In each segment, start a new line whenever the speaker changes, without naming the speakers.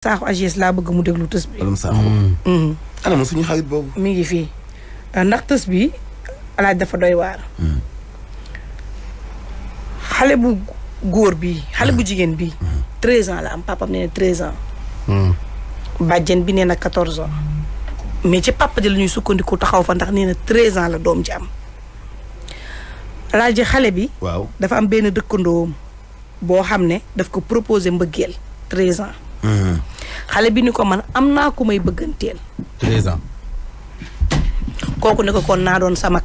saaxu AJS laa bëgg mu déglu tës bi. Mm. Mm. anam suñu xarit boobu. mi ngi fii euh, ndax tës bi alaaj dafa doy waar. Mm. xale bu góor bi xale bu jigéen bi treize ans la am papam nee na treize ans. bàjjen bi nee na quatorze ans. mais ci papa ji la ñuy sukkandiku taxaw fa ndax nee na treize ans la doom ji am. alaaji xale bi. waaw dafa am benn dëkkandoom boo xam ne daf ko proposé mbëggeel treize ans. xale bi ni ko man am naa ku may bëgganteel. treize kooku ne kon naa doon sa mag.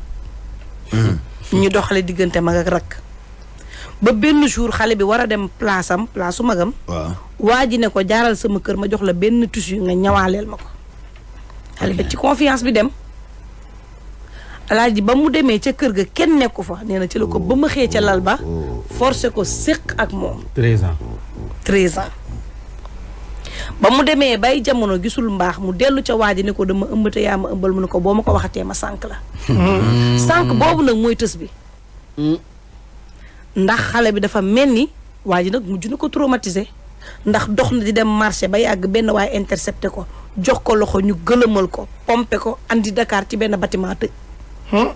Hmm. ñu doxale diggante mag ak rakk. ba benn jour xale bi war a dem place am su magam. waaw waa ji ne ko jaaral sama kër ma jox la benn tissu nga ñawaaleel ma ko. xale bi ci confiance bi dem. alaaji ba mu demee ca kër ga kenn nekku fa nee na ci la ko oh, ba ma xëyee ca lal ba oh, oh. forcé ko séq ak moom. ba mu demee bay jamono gisul mbaax mu dellu ca waa ji ne ko dama ëmbate yaa ma ëmbal mu ne ko boo ma ko waxatee ma sànq la hmm. sànq boobu nag mooy tës bi hmm. ndax xale bi dafa mel ni waa ji nag mujj na ko traumatisé ndax dox na di dem marché ba yàgg benn waaye intercepté ko jox ko loxo ñu gëlëmal ko pompe ko andi dakaar ci benn bâtiment tëj hmm.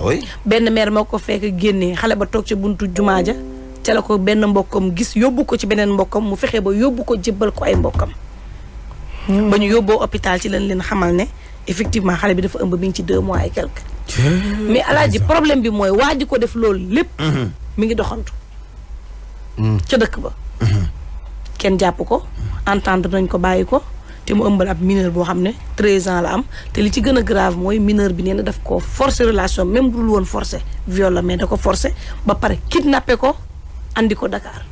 ah benn maire moo ko fekk génnee xale ba toog ca buntu jumaa ja ca la ko benn mbokkam gis yóbbu ko ci beneen mbokkam mu fexe ba yóbbu ko jébbal ko ay mbokkam. Hmm. ba ñu yóbboo hôpital ci lañ leen xamal ne effectivement xale bi dafa ëmb mi ngi ci deux mois et quelque. Hmm. mais alaaji problème bi mooy waa ko def loolu lépp. Hmm. mi ngi doxantu. ca dëkk ba. kenn jàpp ko. entendre nañ ko bàyyi ko. te mu ëmbal ab mineur boo xam ne 13 ans la am te li ci gën a grave mooy mineur bi nee na daf ko forcer relation même bu dul woon forcer viol la mais da ko forcer ba pare kidnappé ko andi ko Dakar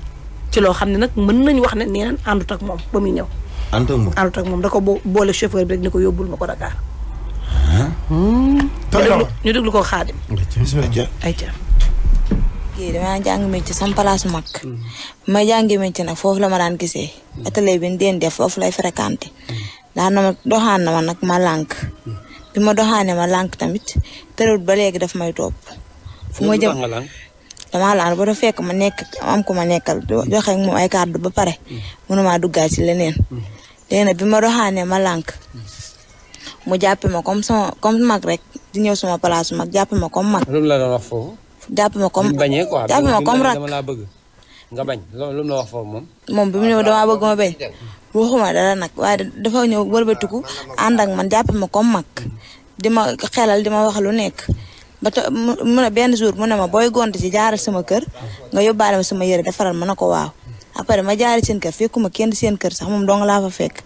ci loo xam ne nag mën nañ wax ne nee naan àndut ak moom ba muy ñëw. àndut ak moom àndut ak moom da ko boole chauffeur bi rek ni ko yóbbul ma ko Dakar. Ah. Hmm. ñu déglu ko xaadim. ay ca kii
dama jàng métti sam place mag hmm. ma jàngi métti nag foofu la ma daan gisee hmm. atelier bi den def foofu lay fréquenté daan na ma doxaan na nak nag ma lànk bi ma ma lànk tamit tërëwut ba léegi daf may topp fu ma jëm damaa laan ba da fekk ma nekk am kuma ma nekkal joxe ak moom ay kàddu ba pare mënuma mm. duggaat ci leneen mm. léegi nag bi ma doxaanee ma lànk mm. mu jàppe ma comme sama comme mag rek di ñëw sama place mag jàppe ma comme mag. lu mu la doon wax foofu. jàppe ma comme bañee quoi jàppe ma comme rak dama
laa bëgg nga bañ lu mu la wax foofu moom.
moom bi mu ñëw bëgg ma bañ waxuma dara nag waaye dafa ñëw wëlbatiku ah, ànd ak man jàppe ma comme mag di ma xelal wax lu nekk. ba to mu ne benn jour mu ne ma booy gont ci jaaral sama kër nga yóbbaale ma sama yére defaral ma na ko waaw après ma jaari seen kër fekkuma kenn seen kër sax moom dong laa fa fekk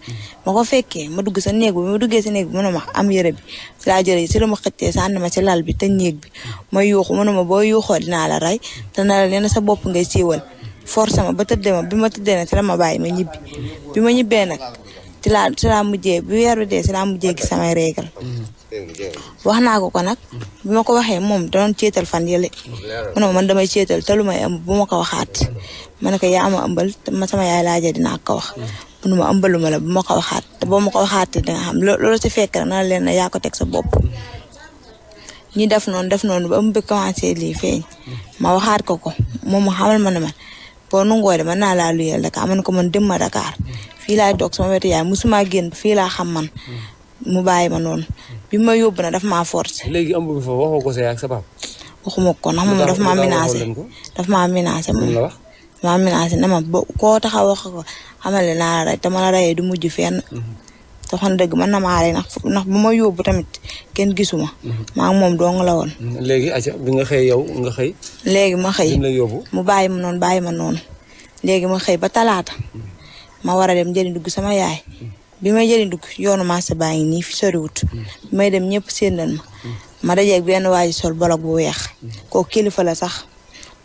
ma ko fekkee ma dugg sa ma duggee sa néeg bi mu ne ma am yére bi si laa jëre si la ma xëccee sànni ma ci lal bi te bi ma yuuxu mu ne ma boo yuuxoo dinaa la rey te na la leen sa bopp ngay siiwal force ma ba tëddee ma bi ma tëddee nag si la ma bàyyi ma ñibbi bi ma ñibbee nag ci laa ci mu mujjee bi weer bi dee si laa mujjee gi samay réegal wax naa ko ko nag bi ma ko waxee moom doon ceetal fan yële mu ne ma man damay ceetal ta lu may am bu ma ko waxaat ma ne ko yaa ama ëmbal ma sama yaay laajee dinaa ko wax mu ne ma ëmbaluma la bu ma ko waxaat te boo ma ko waxaatee danga xam loolu si fekk rek na leen na yaa ko teg sa bopp ñi def noonu def noonu ba mu bi commencé lii feeñ ma waxaat ko ko moom mu xamal ma ne man boo nungoo de mën naa laa luyeel Dakar man ko man dem ma Dakar fii laay toog sama wetu yaay musuma génn fii laa xam man mu bàyyi ma noonu bi ma yóbbu na daf
ma forte léegi amu fa waxoo ko sa yaak sa papa.
waxuma ko ndax moom daf maa menacé daf ma menacé moom la wax. maa menacé ne ma ba koo taxaw wax ko xamale naa la rey te ma la reyee du mujj fenn. Mm-hmm. te dëgg man na maa rey ndax ndax ma yóbbu tamit kenn gisuma. Mm-hmm. maa ngi moom dong la woon.
Mm-hmm. léegi acca bi nga xëy yow nga xëy. léegi ma xëy la yóbbu
mu bàyyi ma noonu bàyyi ma noonu. léegi ma xëy ba talaata. ma war a dem jëli dugg sama yaay. bima may duk dugg yoonu marché baa ngi nii fi soriwut bi may dem ñëpp seen nañ ma ma dajeeg benn waaji sol bolog bu weex kooku kilifa la sax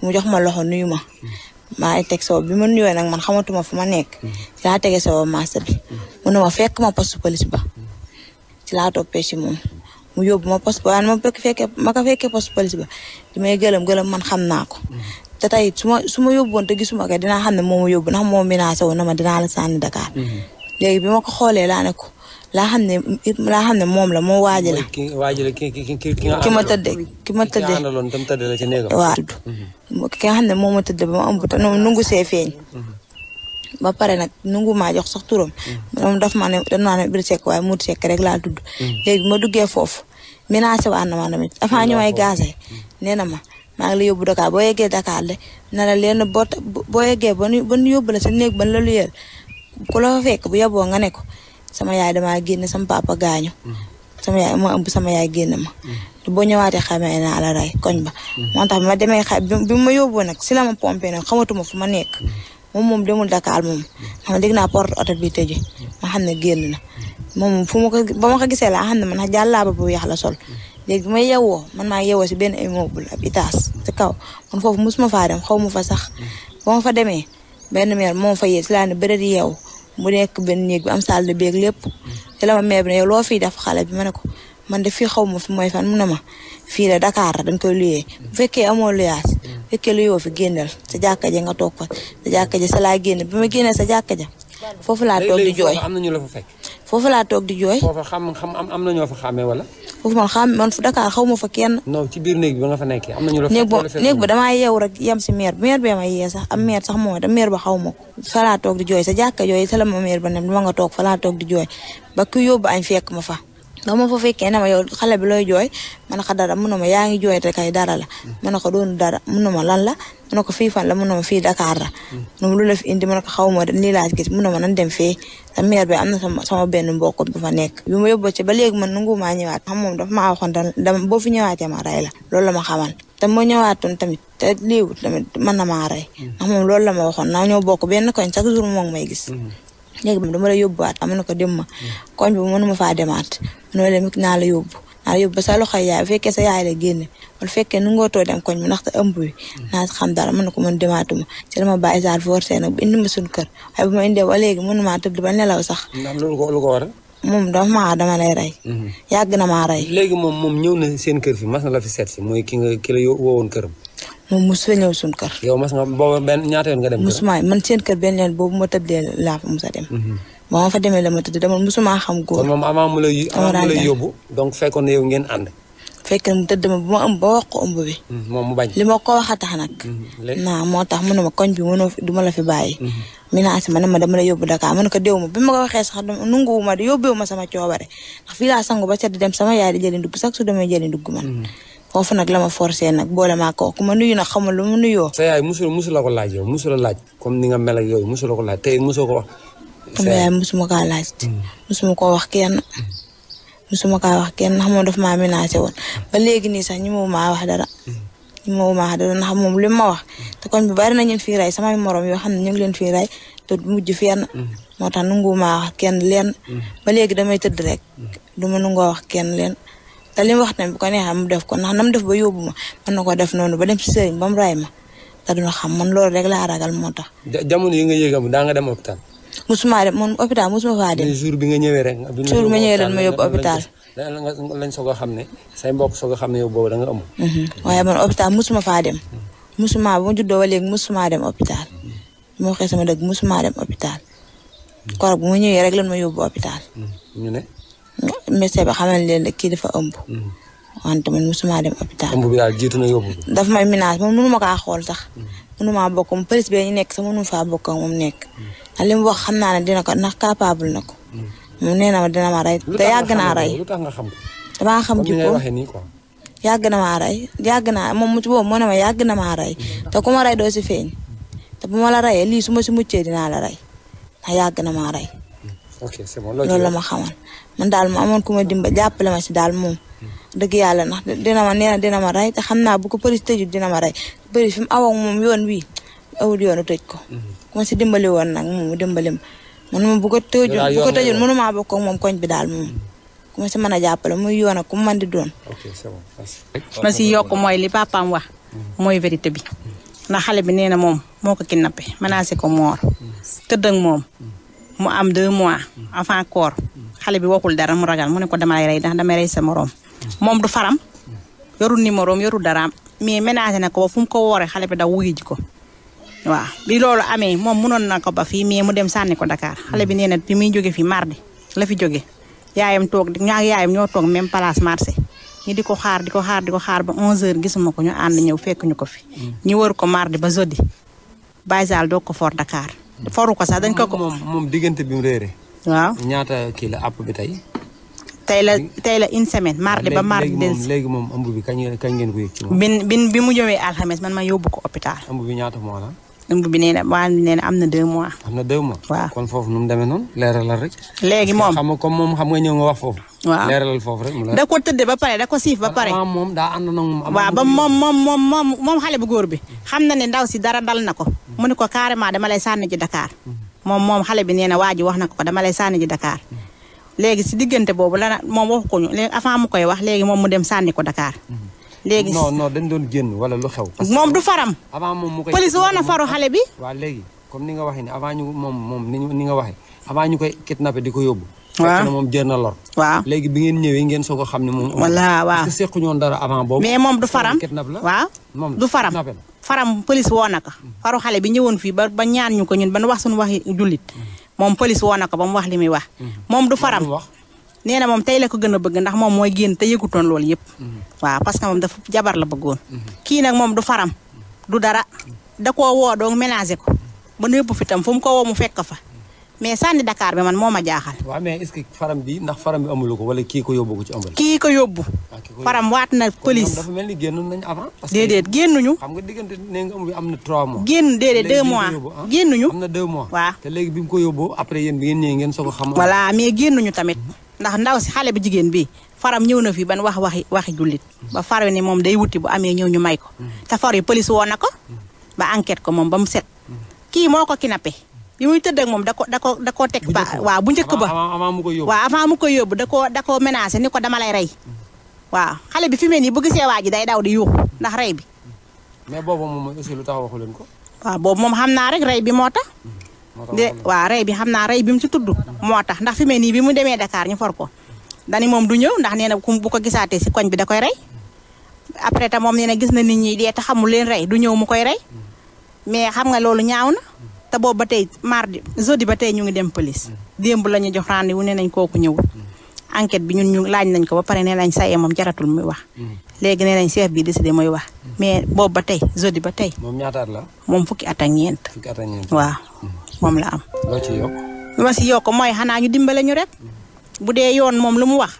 mu jox ma loxo nuyu ma maa ngi teg saw bi ma nuyoo nag man xamatuma fu ma nekk ci laa tege saw marché bi mu ne ma fekk ma poste police ba ci laa toppee si moom mu yóbbu ma poste waaye ma fekkee ma ko fekkee poste police ba di may gëlëm gëlëm man xam naa ko te tey su ma su ma yóbbuwoon te gisuma ko dinaa xam ne moo ma yóbbu ndax moo menacé woon na ma dinaa la sànni Dakar léegi bi ma ko xoolee laa ne ko laa xam ne laa xam ne moom la moo waaji la.
ki waaji la ki ki ki ma tëddee ki ma tëddee waaw
ki nga xam ne moom ma tëdde ba ma am bu te noonu nungu see feeñ. ba pare nag nungu maa jox sax turam. moom daf maa ne daf maa ne Idy Seck rek laa tudd. léegi ma duggee foofu. menacé waat na ma tamit avant nee na ma. maa ngi la yóbbu Dakar boo yeggee Dakar de na la leena boot boo yeggee ba nu ba yóbbu la sa néeg ba la lu yër ku la fa fekk bu yeboo nga ne ko sama yaay damaa génn sama papa gaañu. sama yaay ma sama yaay génn ma. te mm-hmm. boo ñëwaatee xamee naa la koñ ba. Mm-hmm. moo tax ma demee xa bi ma yóbboo nag si la ma pompé nag fu ma nekk. Mm-hmm. moom moom demul Dakar moom. xam naa porte oto bi tëju. ma xam ne génn na. moom fu mu ko ba ma ko gisee laa xam ne man jàllaaba bu weex la sol. léegi ma yeewoo man maa yeewoo si benn immeuble ab itaas. si kaw man foofu mosuma faa dem xaw ma fa sax. ba fa demee benn meer moom fa yee si laa ne bëreet yeew mu nekk benn néeg bi am saal de beeg lépp te la ma meer bi loo fiy def xale bi ma ne ko man de fii xaw ma fi mooy fan mu ma fii la Dakar dañ koy luyee bu fekkee amoo luyaas bu fekkee luyoo fi génnal sa jàkka ja nga toog fa sa jàkka ja sa laa génne bi ma génnee sa jàkka ja foofu laa toog di jooy
foofu laa toog di jooy. foofa xam xam am na ñoo fa xàmmee wala. foofu man xam man
Dakar xaw ma fa kenn.
non ci biir néeg bi nga fa nekkee am nañu la. néeg boo néeg ba damaa
yeew rek yem si meer meer bee ma yee sax am meer sax moo da meer ba xaw ma ko. fa laa toog di jooy sa jàkka jooy sa la ma meer ba ne dama nga toog fa toog di jooy ba ku yóbbu ay fekk ma fa. ndax ma fa fekkee ne ma yow xale bi looy jooy ma na ka dara mun na ma yaa ngi jooy te kay dara la ma ne ko doon dara mun na ma lan la ma ne ko fii fan la mun na ma fii dakaar la nu lu la fi indi ma ne ko nii laa gis mun na ma nan dem fii te bi am na sama sama benn mbokk bu fa nekk bi ma yóbboo ci ba léegi man nangu maa ñëwaat xam moom dafa maa waxoon dama boo fi ñëwaatee ma rey la loolu la ma xamal te ma ñëwaatoon tamit te léegi tamit mën na maa rey mm. ndax moom loolu la ma waxoon naa ñoo bokk benn koñ chaque jour moom may gis mm. léegi moom dama la yóbbuwaat am na ko dem ma koñ bi mënuma faa demaat noo leen naa la yóbbu naa la yóbbu sa loxo yaay bu fekkee sa yaay la génne wala fekkee nu too dem koñ bi ndaxte ëmb bi naa xam dara mën na ko mën demaatuma ci dama bàyyi saar forcé nag bu indi ma suñu kër waaye bu ma indee ba léegi mënumaa tëdd ba nelaw sax moom dafa maa dama lay rey mhm. yàgg na maa rey
léegi moom moom ñëw na seen kër fi mas na la fi seet si mooy ki nga ki la woowoon këram
moom mos fa ñëw suñu kër.
yow mos nga booba benn ñaata yoon nga dem. mosuma
man seen kër benn yoon boobu ma tëddee laa fa mos a dem. Mhm. ba ma fa demee la ma tëdd dama mosuma xam góor. kon
moom avant mu lay avant mu lay yóbbu. donc fekkoon yow ngeen ànd.
fekk mu tëdd ma bu ma ëmb ko ëmb bi. Mhm, moom mu bañ. li ko wax tax nag. Mhm, naa moo mu ma koñ bi mënoo du ma la fi bàyyi. minaas ma ne ma dama la yóbbu Dakar ma ne ko déw ma bi ma ko waxee sax nanguwuma di yóbbeewu ma sama coobare ndax fii laa sangu ba set dem sama yaay di jëli ndugg sax su demee jëli ndugg man
foofu nag la ma forcé nag boole maa kooku ma nuyu nag xamul lu mu nuyoo. sa yaay musul musul la ko laaj yow musul laaj comme ni nga mel ak yooyu musul la ko laaj tey musoo ko wax. sama yaay musuma kaa mm.
koo wax kenn. musuma kaa wax kenn ndax moom daf maa menacé woon ba léegi nii sax ñu ma maa wax dara. Mm. ñu ma maa dara ndax moom li ma wax te kon bi bari na ñu fii rey samay morom yoo xam ne ñu ngi leen fii rey te mujj fenn mm. moo tax nangu maa wax kenn leen ba léegi damay tëdd rek du ma wax kenn leen. te li mu wax bu ko neexee mu ko ndax nam def ba yóbbu ma mën na ko def noonu ba dem si sëriñ ba mu ray ma te xam man loolu rek laa ragal moo tax.
jamono yi nga yëgam daa nga dem hôpital.
musuma dem man hôpital musuma faa dem.
jour bi nga ñëwee rek. jour ma ñëwee ren ma yóbbu hôpital. lañ soog a xam ne say mbokk soog a xam ne yow boobu da nga am.
Mhm. waaye man hôpital musuma faa dem. musuma ba ma juddoo ba léegi musuma dem hôpital. moo waxee sama dëgg musuma dem hopital koroog bu ma ñëwee rek lan ma yóbbu hôpital. Mhm. ñu ne. médecin bi xamal leen ne kii dafa ëmb. Hmm. wante man mosuma dem
hôpital. ëmb bi daal jiitu na
may menace man mënu ma kaa xool tax hmm. mënu ma bokk moom police bi ñu nekk sama mënu faa bokk ak nekk. Hmm. ndax li mu wax xam naa ne dina ko ndax capable na ko. mu nee na ma dina ma rey te yàgg naa ray lu tax xam damaa xam jikko yàgg na maa rey yàgg naa moom mu ci boobu moo ne ma yàgg na ma rey te ku ma rey doo si feeñ te bu ma la reyee lii su ma si muccee dinaa la rey ndax yàgg na maa rey.
ok c'est bon loolu la ma xamal
man daal ma amoon ku ma jàppale ma si daal moom. dëgg yàlla ndax dina ma nee na dina ma rey te xam naa bu ko pëlis tëjut dina ma rey pëlis fi mu awoon moom yoon wii awul yoonu tëj ko. ku si dimbali woon nag moom mu dimbali ma man moom bu ko tëjul bu ko moom koñ bi daal moom. ku si mën a jàppale muy yoon ak man di doon.
ma si yokk mooy li papaam wax. mooy vérité bi. na xale bi nee na moom moo ko kidnappé menacé ko moor. tëdd mu am deux mois avant koor xale bi wokkul dara mu ragal mu ne ko dama lay rey ndax damay rey sa moroom moom du faram yorul numéro yorul daraam mais ménagé na ko ba fu mu ko wooree xale bi daw wuyu ji ko waaw bi loolu amee moom mënoon na ko ba fii mais mu dem sànni ko dakaar xale bi nee na bi muy jóge fii mardi la fi jóge yaayam toog ñaak yaayam ñoo toog même place marché ñi di ko xaar di ko xaar di ko xaar ba 11h gisuma ko ñu ànd ñëw fekk ñu ko fi. ñu wër ko mardi ba jeudi Baye doog ko for Dakar. foru ko sax dañ ko ko. moom moom diggante bi mu réeré. waaw ñaata kii la app bi tey. tey la tey la une semaine mardi ba mardi.
léegi moom ëmb bi kañ kañ ngeen ko yëg ci moom.
bin bin bi mu ñëwee alxames man ma yóbbu ko hôpital. ëmb bi ñaata moo la. ëmb bi nee na waan bi nee am na deux mois.
am na deux mois. kon foofu nu mu demee noonu leeralal rek. léegi moom xam nga comme moom xam nga ñëw nga wax foofu. waaw leeralal foofu rek mu leer. da
ko tëdd ba pare da ko siif ba pare. moom daa ànd na moom. waaw ba moom moom moom moom xale bu góor bi. xam na ne ndaw si dara dal na ko. mu ne ko carrément dama lay sànni ji Dakar. moom moom xale bi nee na waa ji wax na ko dama lay sànni ji Dakar. léegi si diggante boobu la moom waxu ko ñu léegi avant mu koy wax léegi moom mu dem sànni ko dakaar léegi non non dañ doon wala lu xew. moom du faram. avant moom mu koy police woon na faru xale bi.
waaw léegi comme ni nga waxee ni avant ñu moom moom ni nga waxee avant ñu koy kidnappé di ko yóbbu. moom jër na lor. bi ngeen ñëwee ngeen soog a xam ne moom. wala waaw parce que sequ ñoon dara avant boobu. mais
moom du faram waaw moom du faram. faram police woo na ko. Mm-hmm. faru xale bi ñëwoon fii ba ba ñaan ñu ko ñun ba nu wax suñu waxi jullit mm-hmm. moom police woo na ko ba mu wax li muy wax. Mm-hmm. moom du faram. nee na moom tey la ko gën a bëgg ndax moom mooy génn te yëgutoon loolu yëpp. Mhm. waaw parce que moom dafa jabar la bëggoon. Mhm. kii nag moom du faram du dara da koo woo doon ménager ko ba fi tam fu mu ko woo mu fekk fa. mais sànni Dakar bi man moo ma jaaxal.
waaw mais est-ce bi ndax faram bi ko wala kii ko yóbbu ko ci ëmbal.
kii ko yóbbu.
Ah, faram waat na police. mel ni génnoon nañu avant. déedéet génnuñu. xam nga diggante nee nga ëmb am na 3
mois. génn déedéet 2 mois ah? génnuñu. am na mois. waaw te léegi bi mu ko yóbbu après bi ngeen ngeen soog a xam. voilà mais génnuñu tamit. Mhm. ndax ndaw si xale bi jigéen bi faram ñëw na fi ban wax waxi waxi jullit ba far ni moom day wuti bu amee ñëw ñu may ko te far yi police woo na ko ba enquête ko moom ba mu set kii moo ko kidnappé bi muy tëdd moom da ko da ko da koo teg ba waa bu njëkk ba waaw avant mu ko yóbbu da koo da koo menacé ni ko dama lay rey waaw xale bi fi mu ne nii bu gisee waa ji day daw di yuuxu ndax rey bi
mais boobu moom aussi lu tax waxu
ko boobu moom xam naa rek rey bi moo tax de waaw rey bi xam naa rey bi mu ci tudd moo tax ndax fi mu nii bi mu demee Dakar ñu for ko dani moom du ñëw ndax nee na bu ko gisaatee si koñ bi da koy rey après te moom nee na gis na nit ñi dee te xamul leen rey du ñëw mu koy rey mais xam nga loolu ñaaw na te boob ba tey mardi jeudi ba tey ñu ngi dem police démb la ñu jox rendez-vous nee nañ kooku ñëwul enquête bi ñun ñu laaj nañ ko ba pare nee nañ saye moom jaratul muy wax léegi nee nañ chef si de muy wax mais boobu ba tey jeudi ba tey moom ñaata at la moom fukki at ak ñeent waaw moom la am. loo mooy xanaa ñu dimbale ñu rek mm. bu dee yoon moom lu mu wax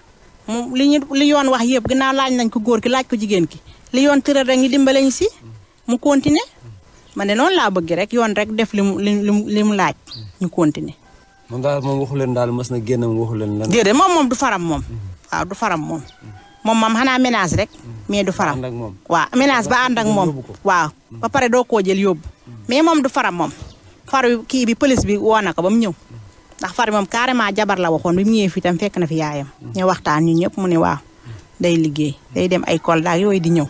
mu li ñu li yoon wax yëpp ginnaaw laaj nañ ko góor ki laaj ko jigéen ki li yoon tëral rek ñu dimbale ñu si mm. mu continuer mm. ma ne noonu laa bëgg rek yoon rek def li mu li mu laaj ñu continuer.
moom daal moom waxu leen daal mës na génn waxu leen lan. déedéet
moom moom du faram moom. waaw du faram moom. moom moom xanaa ménage rek. mais du faram waa ménage ba ànd ak moom. waa ba pare doo koo jël yóbbu. mais moom du faram moom. far kii bi police bi woo na ko ba mu ñëw ndax far moom carrément jabar la waxoon bi mu ñëwee fii tam fekk na fi yaayam mm. ñu waxtaan ñun ñëpp mu ne waaw day liggéey day dem ay Kolda ak yooyu di ñëw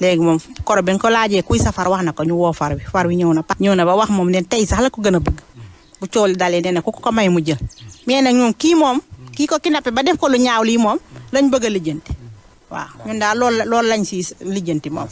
léegi moom koro bi nga ko laajee kuy safar wax na ko ñu woo far wi far bi ñëw na pa ñëw na ba wax moom ne tey sax la ko gën a bëgg bu coow li dalee ne ku ko may mu jël mais nag ñoom kii moom kii ko ki kidnappé ba def ko lu ñaaw lii moom lañ bëgg a lijjanti waaw ñun daal loolu loolu lañ si lijjanti moom